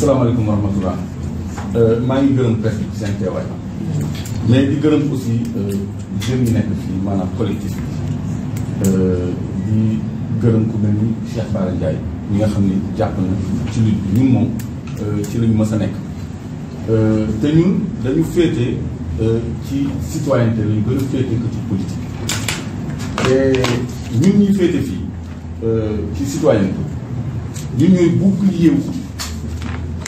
salaamaaleykum wa rahmatulah euh, maa ngi gërëm presse bi seen teewaay mais di gërëm aussi euh, jeunes yi nekk fii maanaam collectif euh, di gërëm ku mel ni Cheikh Bara Ndiaye ñi nga xam ne jàpp na ci lutte bi ñun moom ci lañu ma sa nekk te ñun dañu féete ci citoyenneté lañu gën a féete que ci te ñun ñuy féete fii ci citoyenneté ñun ñooy bouclier wu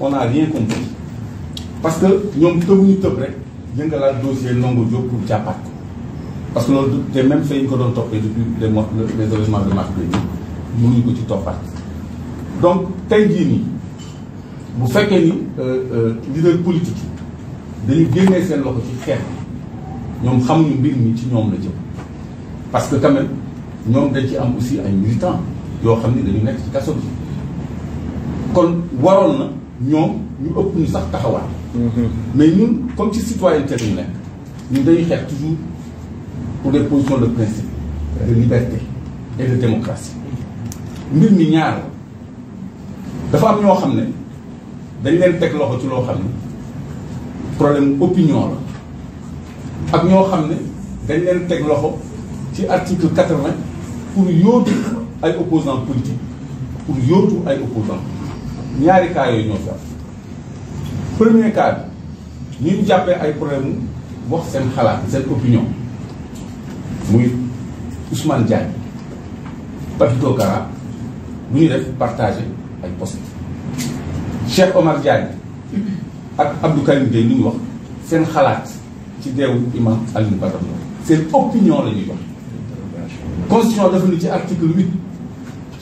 on n'a rien compris parce que ñoom tëbuñu tëb rek yëngalaat dossier nongo dossier pour le ko parce que nous avons même fait ñu ko depuis les mois de mars donc tey jii euh, euh, leader politique dañu génnee seen loxo ci ci parce que quand même ñoom ci am aussi ay militants yoo xam dañu kon mhm. mais nous, comme citoyens citoyenneté ñu toujours pour des positions de principe de liberté et de démocratie mbir mi ñaar dafa am Nous xam ne problème opinion la ak article pour les opposants politiques pour les opposants ñaari cas yooyu ñoo fi am premier cas bi ñu jàppee ay problème wax seen xalaat seen opinion muy Ousmane Diagne Papito Kara bu ñu def partagé ay poste Cheikh Omar Diagne ak Abdou Karim Gueye ñu wax seen xalaat ci deewu imam Alioune Badara seen opinion la ñuy wax constitution dafa ni ci article 8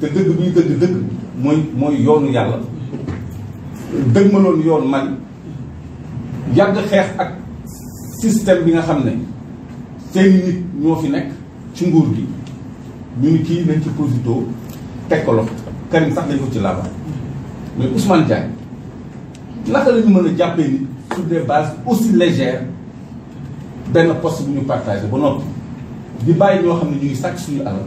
te dëgg bu ñu dëgg dëgg mooy mooy yoonu yàlla dëgg ma loon yoon man yàgg xeex ak système bi nga xam ne seeni nit ñoo fi nekk ci nguur gi ñu ni kii lañ ci profito teg ko loxo Karim sax dañ ko ci laabal mais Ousmane Diagne naka la mën a jàppee ni sur des bases aussi légères benn post bu ñu partagé ba noppi di bàyyi ñoo xam ne ñu ngi sàcc suñu alal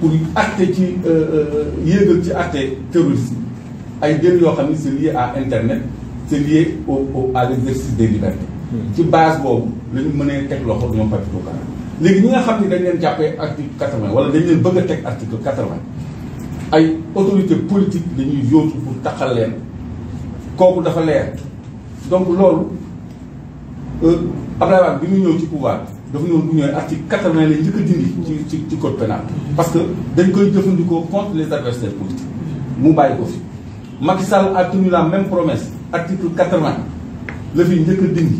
pour acte ci euh, euh, yéegal ci acte terroriste ay délits yoo xam ne c'est lié à internet c'est lié au au à l'exercice des libertés. Hmm. ci base boobu la ñu mënee teg loxo ñoom Papito Kara léegi ñi nga xam ne dañ leen article 80, vingt wala dañ leen bëgg a article 80, vingt ay autorités politiques dañuy yóotu pour taxal leen kooku dafa leer donc loolu euh, Abdoulaye Wade bi mu ñëw ci pouvoir nous avons bu article 80 du code pénal parce que dañ koy contre les adversaires politiques mu ko a tenu la même promesse article 80 le film fi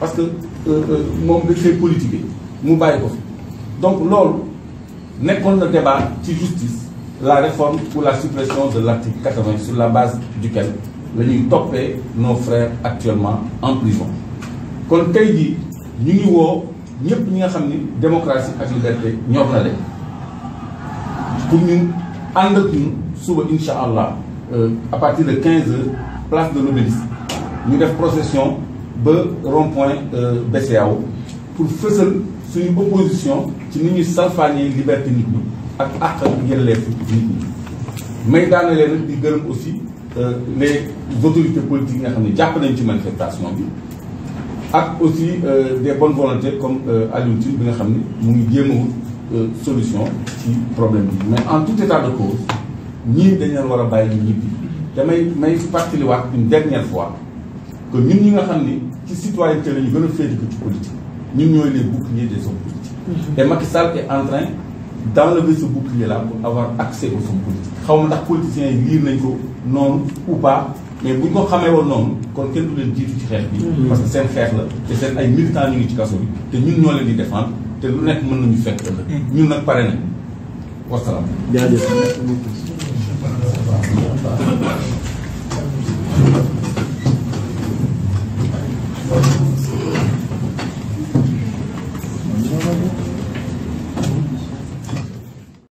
parce que euh, euh, mon da politique mu Kofi. Donc, fi donc pas le le débat ci justice la réforme ou la suppression de l'article 80, sur la base duquel nous avons topé nos frères actuellement en prison kon ñëpp ñi nga xam démocratie ak liberté ñor na leen pour ñu ànd ak suba incha allah euh, à partir de 15 heures place de l'Obélisque ñu def procession ba rond-point euh, BCAO pour fësal suñu opposition ci ni ñuy salfaañee liberté nit ñi ak àq ak yelleefu nit ñi may daane di gërëm aussi euh, les autorités politiques nga xam ne jàpp nañ ci manifestation bi ak aussi euh, des bonnes volontés comme euh, Alioune Tine bi nga xam ne mu ngi jéem euh, solution ci problème bi mais en tout état de cause ñii dañ leen war a bàyyi ñu ñibbi une dernière fois que ñun ñi nga xam ni ci citoyenneté la ñu gën a ci politique ñun ñooy les boucliers des hommes politiques. Mhm. et Macky Sall est en train d'enlever ce bouclier là pour avoir accès aux hommes politiques xaw ma ndax politiciens yi liir nañ ko noonu ou pas. mais buñ ko xamee woon noonu kon kenn du leen jiitu ci xeex bi mm-hmm. parce que seen xeex la te seen ay militants ñu ngi ci kaso bi te ñun ñoo leen di défendre te lu nekk mën nañu fekk mm-hmm. ñun nag pare nañ wasalaam jaajëf